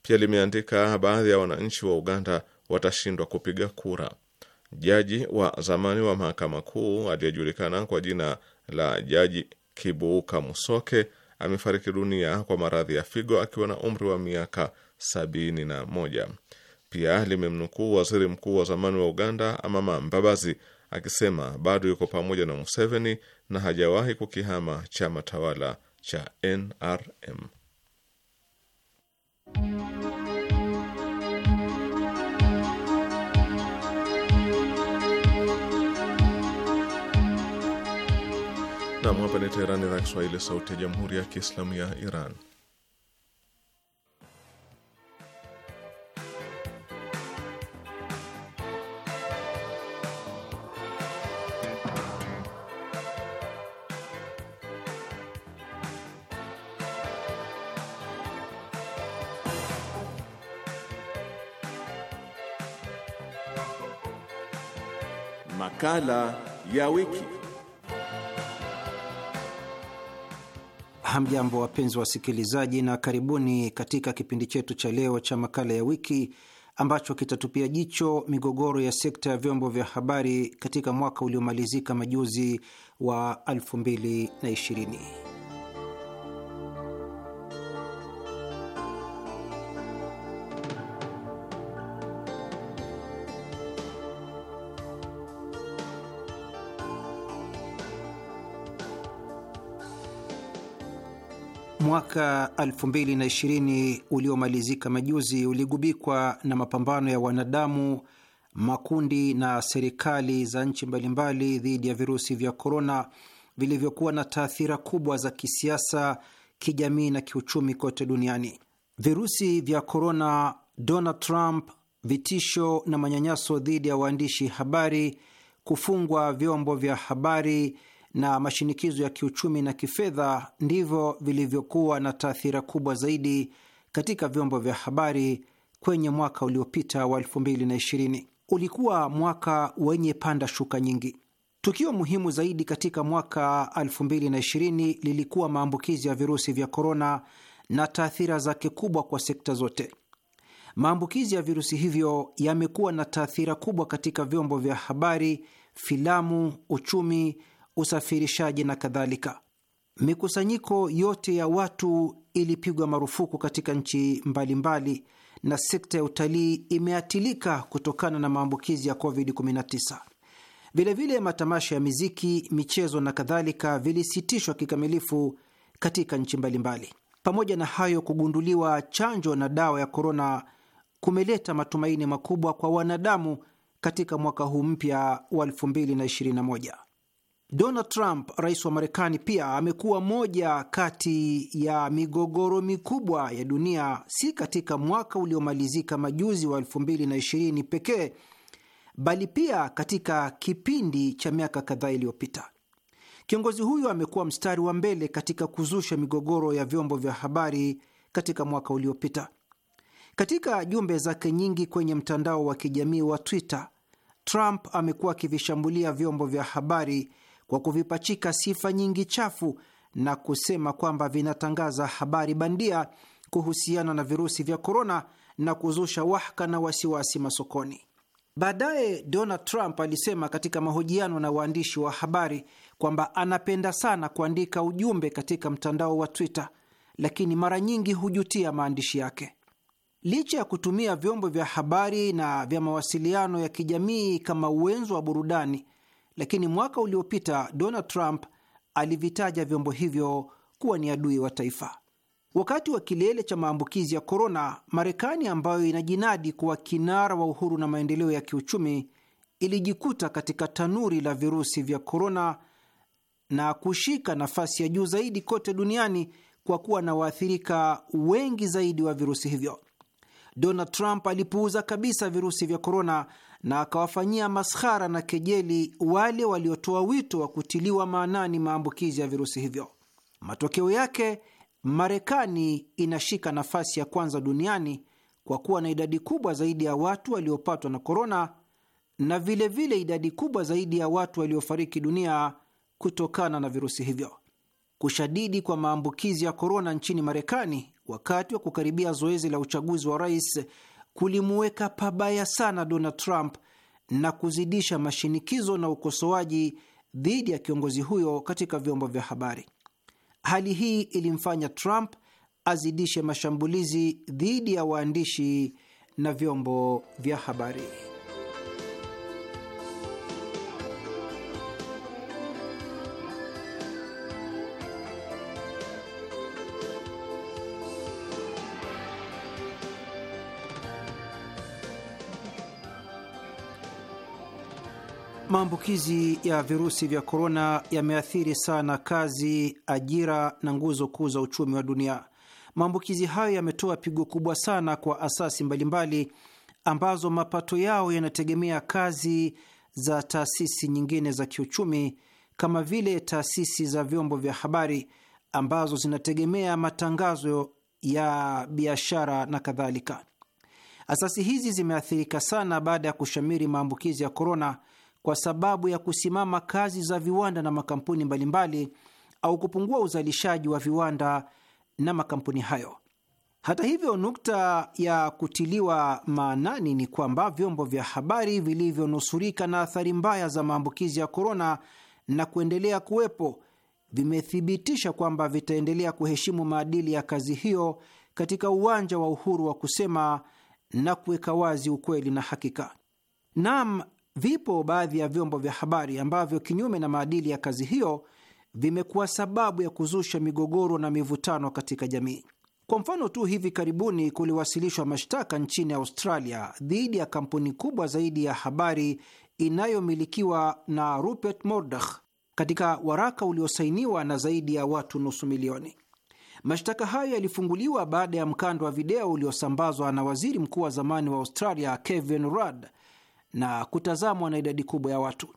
Pia limeandika baadhi ya wananchi wa Uganda watashindwa kupiga kura. Jaji wa zamani wa mahakama kuu aliyejulikana kwa jina la Jaji Kibuuka Musoke amefariki dunia kwa maradhi ya figo akiwa na umri wa miaka sabini na moja. Pia limemnukuu waziri mkuu wa zamani wa Uganda Amama Mbabazi akisema bado yuko pamoja na Museveni na hajawahi kukihama chama tawala cha NRM. Nam, hapa ni Teheran, idhaa Kiswahili, sauti ya jamhuri ya kiislamu ya Iran. Makala ya wiki. Hamjambo, wapenzi wasikilizaji, na karibuni katika kipindi chetu cha leo cha makala ya wiki ambacho kitatupia jicho migogoro ya sekta ya vyombo vya habari katika mwaka uliomalizika majuzi wa 2020. Mwaka 2020 uliomalizika majuzi uligubikwa na mapambano ya wanadamu, makundi na serikali za nchi mbalimbali dhidi ya virusi vya korona vilivyokuwa na taathira kubwa za kisiasa, kijamii na kiuchumi kote duniani. Virusi vya korona, Donald Trump, vitisho na manyanyaso dhidi ya waandishi habari, kufungwa vyombo vya habari na mashinikizo ya kiuchumi na kifedha ndivyo vilivyokuwa na taathira kubwa zaidi katika vyombo vya habari kwenye mwaka uliopita wa 2020. Ulikuwa mwaka wenye panda shuka nyingi. Tukio muhimu zaidi katika mwaka 2020 lilikuwa maambukizi ya virusi vya korona na taathira zake kubwa kwa sekta zote. Maambukizi ya virusi hivyo yamekuwa na taathira kubwa katika vyombo vya habari, filamu, uchumi usafirishaji na kadhalika. Mikusanyiko yote ya watu ilipigwa marufuku katika nchi mbalimbali mbali, na sekta ya utalii imeatilika kutokana na maambukizi ya COVID-19. Vilevile, matamasha ya miziki, michezo na kadhalika vilisitishwa kikamilifu katika nchi mbalimbali. Pamoja na hayo, kugunduliwa chanjo na dawa ya korona kumeleta matumaini makubwa kwa wanadamu katika mwaka huu mpya wa 2021. Donald Trump, rais wa Marekani, pia amekuwa moja kati ya migogoro mikubwa ya dunia, si katika mwaka uliomalizika majuzi wa 2020 pekee, bali pia katika kipindi cha miaka kadhaa iliyopita. Kiongozi huyu amekuwa mstari wa mbele katika kuzusha migogoro ya vyombo vya habari katika mwaka uliopita. Katika jumbe zake nyingi kwenye mtandao wa kijamii wa Twitter, Trump amekuwa akivishambulia vyombo vya habari kwa kuvipachika sifa nyingi chafu na kusema kwamba vinatangaza habari bandia kuhusiana na virusi vya korona na kuzusha wahaka na wasiwasi masokoni. Baadaye Donald Trump alisema katika mahojiano na waandishi wa habari kwamba anapenda sana kuandika ujumbe katika mtandao wa Twitter, lakini mara nyingi hujutia maandishi yake. Licha ya kutumia vyombo vya habari na vya mawasiliano ya kijamii kama uwenzo wa burudani, lakini mwaka uliopita Donald Trump alivitaja vyombo hivyo kuwa ni adui wa taifa. Wakati wa kilele cha maambukizi ya korona, Marekani ambayo inajinadi kuwa kinara wa uhuru na maendeleo ya kiuchumi ilijikuta katika tanuri la virusi vya korona na kushika nafasi ya juu zaidi kote duniani kwa kuwa na waathirika wengi zaidi wa virusi hivyo. Donald Trump alipuuza kabisa virusi vya korona na akawafanyia maskhara na kejeli wale waliotoa wito wa kutiliwa maanani maambukizi ya virusi hivyo. Matokeo yake, Marekani inashika nafasi ya kwanza duniani kwa kuwa na idadi kubwa zaidi ya watu waliopatwa na korona na vilevile vile idadi kubwa zaidi ya watu waliofariki dunia kutokana na virusi hivyo kushadidi kwa maambukizi ya korona nchini Marekani wakati wa kukaribia zoezi la uchaguzi wa rais kulimuweka pabaya sana Donald Trump na kuzidisha mashinikizo na ukosoaji dhidi ya kiongozi huyo katika vyombo vya habari. Hali hii ilimfanya Trump azidishe mashambulizi dhidi ya waandishi na vyombo vya habari. Maambukizi ya virusi vya korona yameathiri sana kazi, ajira na nguzo kuu za uchumi wa dunia. Maambukizi hayo yametoa pigo kubwa sana kwa asasi mbalimbali ambazo mapato yao yanategemea kazi za taasisi nyingine za kiuchumi kama vile taasisi za vyombo vya habari ambazo zinategemea matangazo ya biashara na kadhalika. Asasi hizi zimeathirika sana baada ya kushamiri maambukizi ya korona kwa sababu ya kusimama kazi za viwanda na makampuni mbalimbali au kupungua uzalishaji wa viwanda na makampuni hayo. Hata hivyo, nukta ya kutiliwa maanani ni kwamba vyombo vya habari vilivyonusurika na athari mbaya za maambukizi ya korona na kuendelea kuwepo vimethibitisha kwamba vitaendelea kuheshimu maadili ya kazi hiyo katika uwanja wa uhuru wa kusema na kuweka wazi ukweli na hakika. Naam, Vipo baadhi ya vyombo vya habari ambavyo kinyume na maadili ya kazi hiyo vimekuwa sababu ya kuzusha migogoro na mivutano katika jamii. Kwa mfano tu, hivi karibuni kuliwasilishwa mashtaka nchini Australia dhidi ya kampuni kubwa zaidi ya habari inayomilikiwa na Rupert Murdoch katika waraka uliosainiwa na zaidi ya watu nusu milioni. Mashtaka hayo yalifunguliwa baada ya mkando wa video uliosambazwa na waziri mkuu wa zamani wa Australia Kevin Rudd na kutazamwa na idadi kubwa ya watu.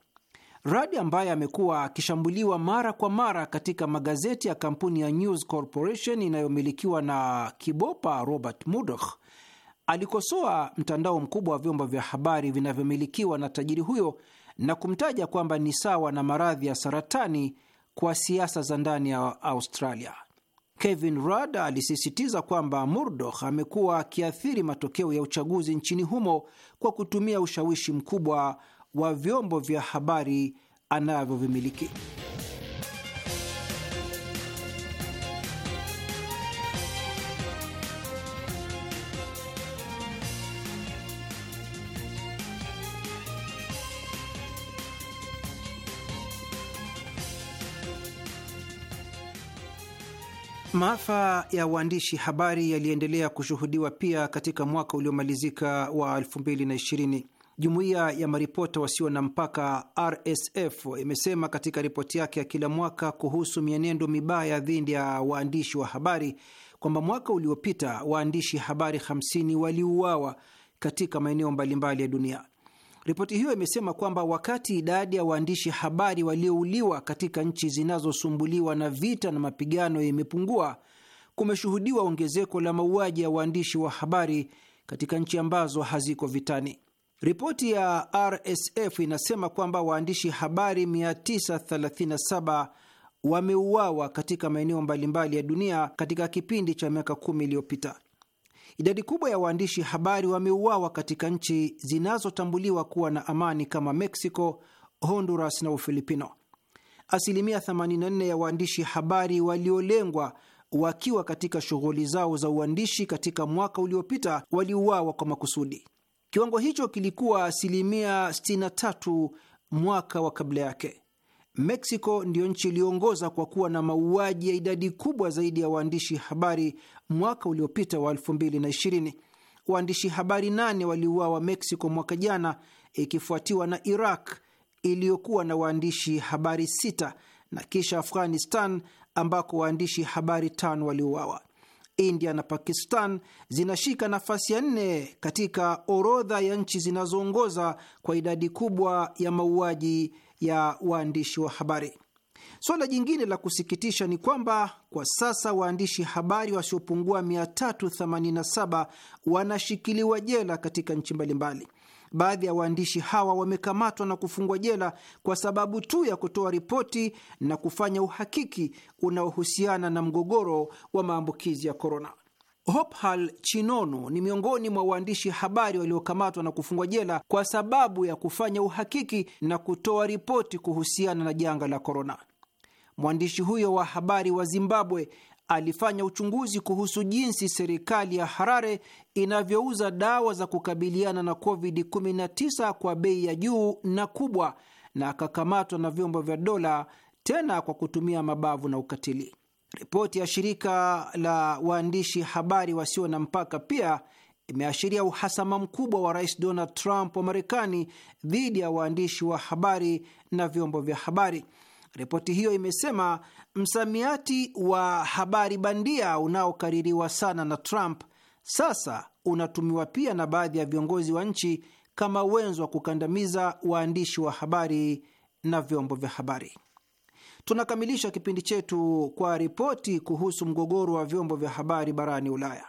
Radi ambaye amekuwa akishambuliwa mara kwa mara katika magazeti ya kampuni ya News Corporation inayomilikiwa na kibopa Robert Murdoch alikosoa mtandao mkubwa wa vyombo vya habari vinavyomilikiwa na tajiri huyo na kumtaja kwamba ni sawa na maradhi ya saratani kwa siasa za ndani ya Australia. Kevin Rudd alisisitiza kwamba Murdoch amekuwa akiathiri matokeo ya uchaguzi nchini humo kwa kutumia ushawishi mkubwa wa vyombo vya habari anavyovimiliki. Maafa ya waandishi habari yaliendelea kushuhudiwa pia katika mwaka uliomalizika wa 2020. Jumuiya ya maripota wasio na mpaka RSF imesema katika ripoti yake ya kila mwaka kuhusu mienendo mibaya dhidi ya waandishi wa habari kwamba mwaka uliopita waandishi habari 50 waliuawa katika maeneo mbalimbali ya dunia. Ripoti hiyo imesema kwamba wakati idadi ya waandishi habari waliouliwa katika nchi zinazosumbuliwa na vita na mapigano imepungua, kumeshuhudiwa ongezeko la mauaji ya waandishi wa habari katika nchi ambazo haziko vitani. Ripoti ya RSF inasema kwamba waandishi habari 937 wameuawa katika maeneo mbalimbali ya dunia katika kipindi cha miaka kumi iliyopita. Idadi kubwa ya waandishi habari wameuawa katika nchi zinazotambuliwa kuwa na amani kama Mexico, Honduras na Ufilipino. Asilimia 84 ya waandishi habari waliolengwa wakiwa katika shughuli zao za uandishi katika mwaka uliopita waliuawa kwa makusudi. Kiwango hicho kilikuwa asilimia 63 mwaka wa kabla yake. Mexico ndiyo nchi iliyoongoza kwa kuwa na mauaji ya idadi kubwa zaidi ya waandishi habari mwaka uliopita wa 2020. Waandishi habari nane waliuawa Mexico mwaka jana, ikifuatiwa na Iraq iliyokuwa na waandishi habari sita na kisha Afghanistan ambako waandishi habari tano waliuawa. India na Pakistan zinashika nafasi ya nne katika orodha ya nchi zinazoongoza kwa idadi kubwa ya mauaji ya waandishi wa habari. Suala jingine la kusikitisha ni kwamba kwa sasa waandishi habari wasiopungua 387 wanashikiliwa jela katika nchi mbalimbali. Baadhi ya waandishi hawa wamekamatwa na kufungwa jela kwa sababu tu ya kutoa ripoti na kufanya uhakiki unaohusiana na mgogoro wa maambukizi ya korona. Hophal Chinono ni miongoni mwa waandishi habari waliokamatwa na kufungwa jela kwa sababu ya kufanya uhakiki na kutoa ripoti kuhusiana na janga la korona. Mwandishi huyo wa habari wa Zimbabwe alifanya uchunguzi kuhusu jinsi serikali ya Harare inavyouza dawa za kukabiliana na COVID-19 kwa bei ya juu na kubwa, na akakamatwa na vyombo vya dola, tena kwa kutumia mabavu na ukatili. Ripoti ya shirika la waandishi habari wasio na mpaka pia imeashiria uhasama mkubwa wa Rais Donald Trump wa Marekani dhidi ya waandishi wa habari na vyombo vya habari. Ripoti hiyo imesema msamiati wa habari bandia unaokaririwa sana na Trump sasa unatumiwa pia na baadhi ya viongozi wa nchi kama wenzo wa kukandamiza waandishi wa habari na vyombo vya habari. Tunakamilisha kipindi chetu kwa ripoti kuhusu mgogoro wa vyombo vya habari barani Ulaya.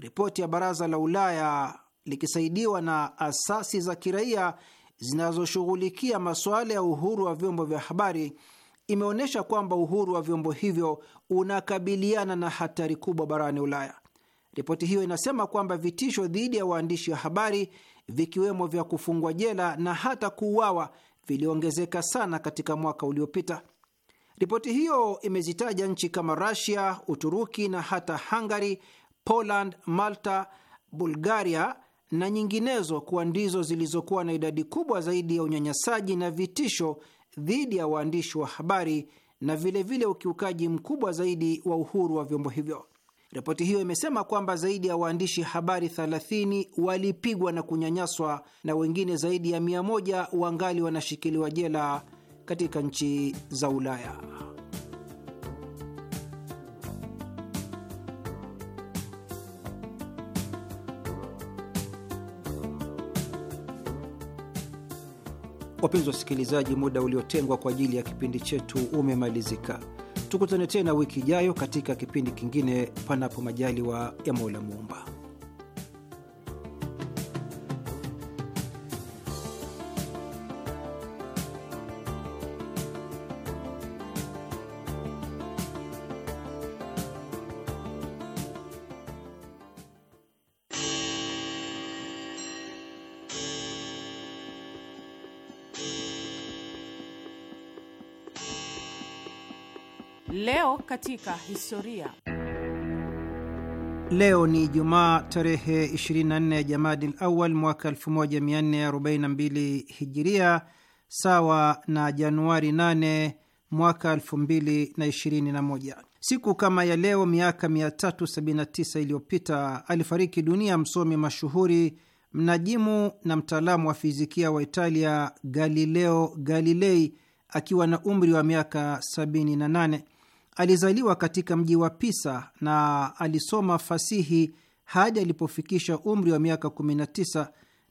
Ripoti ya Baraza la Ulaya likisaidiwa na asasi za kiraia zinazoshughulikia masuala ya uhuru wa vyombo vya habari imeonyesha kwamba uhuru wa vyombo hivyo unakabiliana na hatari kubwa barani Ulaya. Ripoti hiyo inasema kwamba vitisho dhidi ya waandishi wa habari vikiwemo vya kufungwa jela na hata kuuawa viliongezeka sana katika mwaka uliopita. Ripoti hiyo imezitaja nchi kama Rasia, Uturuki na hata Hungary, Poland, Malta, Bulgaria na nyinginezo kuwa ndizo zilizokuwa na idadi kubwa zaidi ya unyanyasaji na vitisho dhidi ya waandishi wa habari na vilevile vile ukiukaji mkubwa zaidi wa uhuru wa vyombo hivyo. Ripoti hiyo imesema kwamba zaidi ya waandishi habari 30 walipigwa na kunyanyaswa na wengine zaidi ya 100 wangali wanashikiliwa jela katika nchi za Ulaya. Wapenzi wasikilizaji, muda uliotengwa kwa ajili ya kipindi chetu umemalizika. Tukutane tena wiki ijayo katika kipindi kingine, panapo majaliwa ya Mola Muumba. katika historia. Leo ni Jumaa tarehe 24 ya Jamadil Awal mwaka 1442 Hijiria, sawa na Januari 8 mwaka 2021. Siku kama ya leo miaka 379 iliyopita alifariki dunia msomi mashuhuri mnajimu na mtaalamu wa fizikia wa Italia Galileo Galilei akiwa na umri wa miaka Alizaliwa katika mji wa Pisa na alisoma fasihi hadi alipofikisha umri wa miaka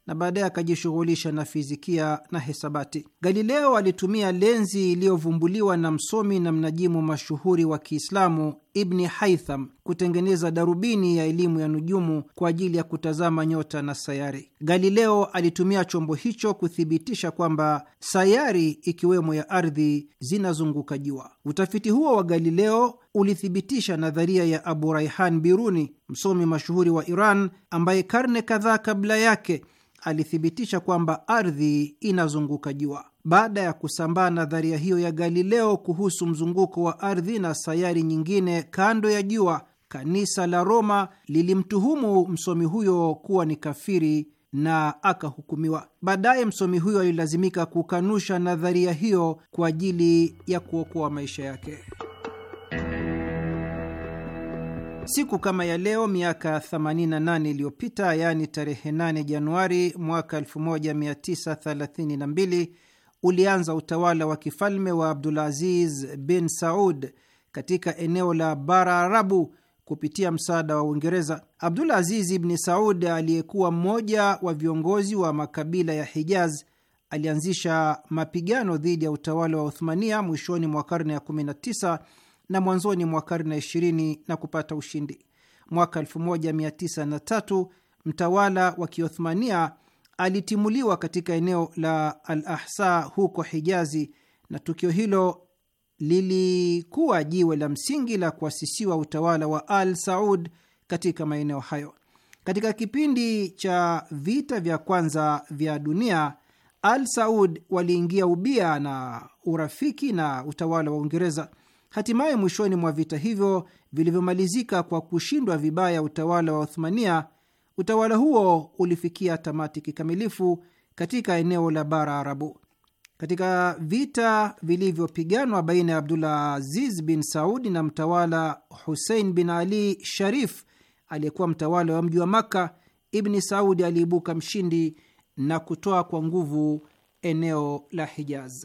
na baadaye akajishughulisha na fizikia na hesabati. Galileo alitumia lenzi iliyovumbuliwa na msomi na mnajimu mashuhuri wa Kiislamu Ibni Haitham kutengeneza darubini ya elimu ya nujumu kwa ajili ya kutazama nyota na sayari. Galileo alitumia chombo hicho kuthibitisha kwamba sayari ikiwemo ya ardhi zinazunguka jua. Utafiti huo wa Galileo ulithibitisha nadharia ya Abu Raihan Biruni, msomi mashuhuri wa Iran ambaye karne kadhaa kabla yake alithibitisha kwamba ardhi inazunguka jua. Baada ya kusambaa nadharia hiyo ya Galileo kuhusu mzunguko wa ardhi na sayari nyingine kando ya jua, kanisa la Roma lilimtuhumu msomi huyo kuwa ni kafiri na akahukumiwa. Baadaye msomi huyo alilazimika kukanusha nadharia hiyo kwa ajili ya kuokoa maisha yake. Siku kama ya leo miaka 88 iliyopita, yaani tarehe 8 Januari mwaka 1932 ulianza utawala wa kifalme wa Abdulaziz bin Saud katika eneo la bara Arabu kupitia msaada wa Uingereza. Abdul Aziz ibni Saud aliyekuwa mmoja wa viongozi wa makabila ya Hijaz alianzisha mapigano dhidi ya utawala wa Uthmania mwishoni mwa karne ya na mwanzoni mwa karne 20 na kupata ushindi. Mwaka 1903 mtawala wa Kiothmania alitimuliwa katika eneo la Al Ahsa huko Hijazi, na tukio hilo lilikuwa jiwe la msingi la kuasisiwa utawala wa Al Saud katika maeneo hayo. Katika kipindi cha vita vya kwanza vya dunia, Al Saud waliingia ubia na urafiki na utawala wa Uingereza. Hatimaye mwishoni mwa vita hivyo vilivyomalizika kwa kushindwa vibaya utawala wa Uthmania, utawala huo ulifikia tamati kikamilifu katika eneo la bara Arabu. Katika vita vilivyopiganwa baina ya Abdulaziz Aziz bin Saudi na mtawala Husein bin Ali Sharif aliyekuwa mtawala wa mji wa Makka, Ibni Saudi aliibuka mshindi na kutoa kwa nguvu eneo la Hijaz.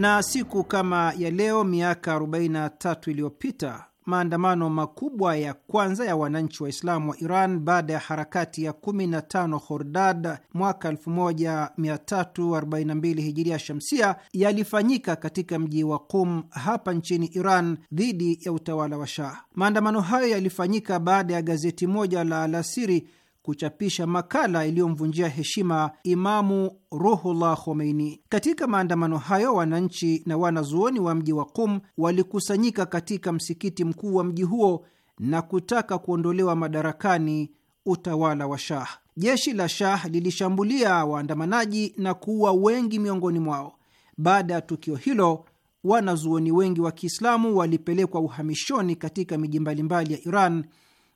Na siku kama ya leo miaka 43 iliyopita maandamano makubwa ya kwanza ya wananchi Waislamu wa Iran baada ya harakati ya 15 Hordad mwaka 1342 hijiria shamsia yalifanyika katika mji wa Qum hapa nchini Iran dhidi ya utawala wa Shah. Maandamano hayo yalifanyika baada ya gazeti moja la alasiri kuchapisha makala iliyomvunjia heshima Imamu Ruhullah Khomeini. Katika maandamano hayo, wananchi na wanazuoni wa mji wa Qum walikusanyika katika msikiti mkuu wa mji huo na kutaka kuondolewa madarakani utawala wa Shah. Jeshi la Shah lilishambulia waandamanaji na kuua wengi miongoni mwao. Baada ya tukio hilo, wanazuoni wengi wa Kiislamu walipelekwa uhamishoni katika miji mbalimbali ya Iran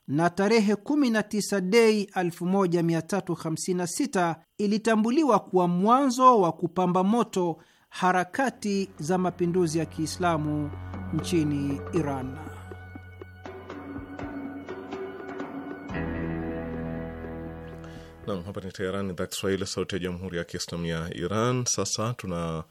na tarehe 19 Dei 1356 ilitambuliwa kuwa mwanzo wa kupamba moto harakati za mapinduzi ya Kiislamu nchini Iran. Nam, hapa ni Teherani, idhaa Kiswahili, sauti ya jamhuri ya kiislamu ya Iran. Sasa tuna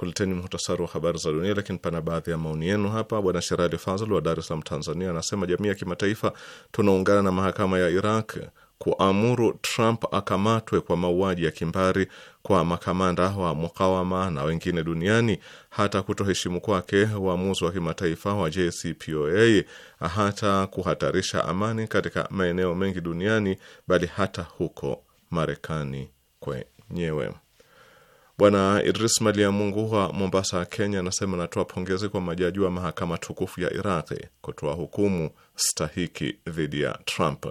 kuleteni muhtasari wa habari za dunia, lakini pana baadhi ya maoni yenu hapa. Bwana Sherali Fazl wa Dar es Salaam, Tanzania, anasema jamii ya kimataifa tunaungana na mahakama ya Iraq kuamuru Trump akamatwe kwa mauaji ya kimbari kwa makamanda wa mukawama na wengine duniani, hata kutoheshimu kwake uamuzi wa kimataifa wa JCPOA, hata kuhatarisha amani katika maeneo mengi duniani, bali hata huko Marekani kwenyewe. Bwana Idris Maliamungu wa Mombasa, Kenya, anasema anatoa pongezi kwa majaji wa mahakama tukufu ya Iraqi kutoa hukumu stahiki dhidi ya Trump.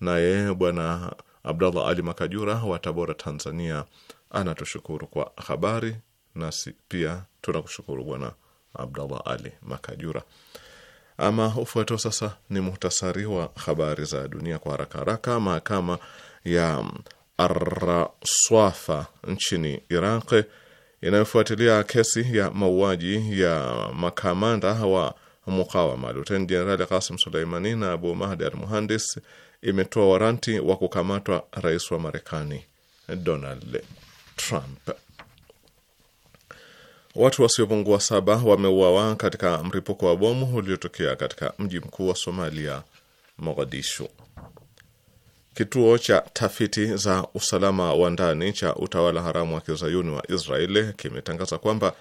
Naye Bwana Abdallah Ali Makajura wa Tabora, Tanzania, anatushukuru kwa habari, nasi pia tunakushukuru Bwana Abdallah Ali Makajura. Ama ufuatao sasa ni muhtasari wa habari za dunia kwa haraka haraka. Mahakama ya Arraswafa nchini Iraq inayofuatilia kesi ya mauaji ya makamanda wa mukawama Luteni Jenerali kasim Suleimani na Abu Mahdi al Muhandis imetoa waranti wa kukamatwa rais wa Marekani Donald Trump. Watu wasiopungua saba wameuawa katika mripuko wa bomu uliotokea katika mji mkuu wa Somalia, Mogadishu. Kituo cha tafiti za usalama wa ndani cha utawala haramu wa kizayuni wa Israeli kimetangaza kwamba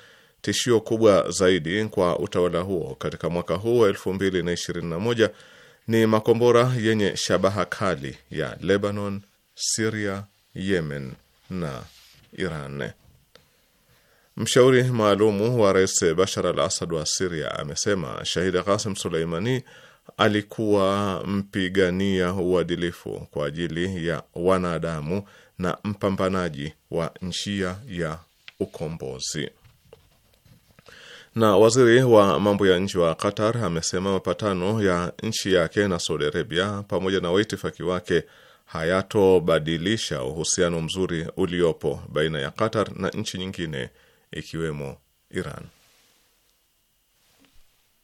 tishio kubwa zaidi kwa utawala huo katika mwaka huu wa 2021 ni makombora yenye shabaha kali ya Lebanon, Siria, Yemen na Iran. Mshauri maalumu wa rais Bashar al Asad wa Siria amesema shahidi Qasim Suleimani alikuwa mpigania uadilifu kwa ajili ya wanadamu na mpambanaji wa njia ya ukombozi. Na waziri wa mambo ya nje wa Qatar amesema mapatano ya nchi yake na Saudi Arabia pamoja na waitifaki wake hayatobadilisha uhusiano mzuri uliopo baina ya Qatar na nchi nyingine ikiwemo Iran.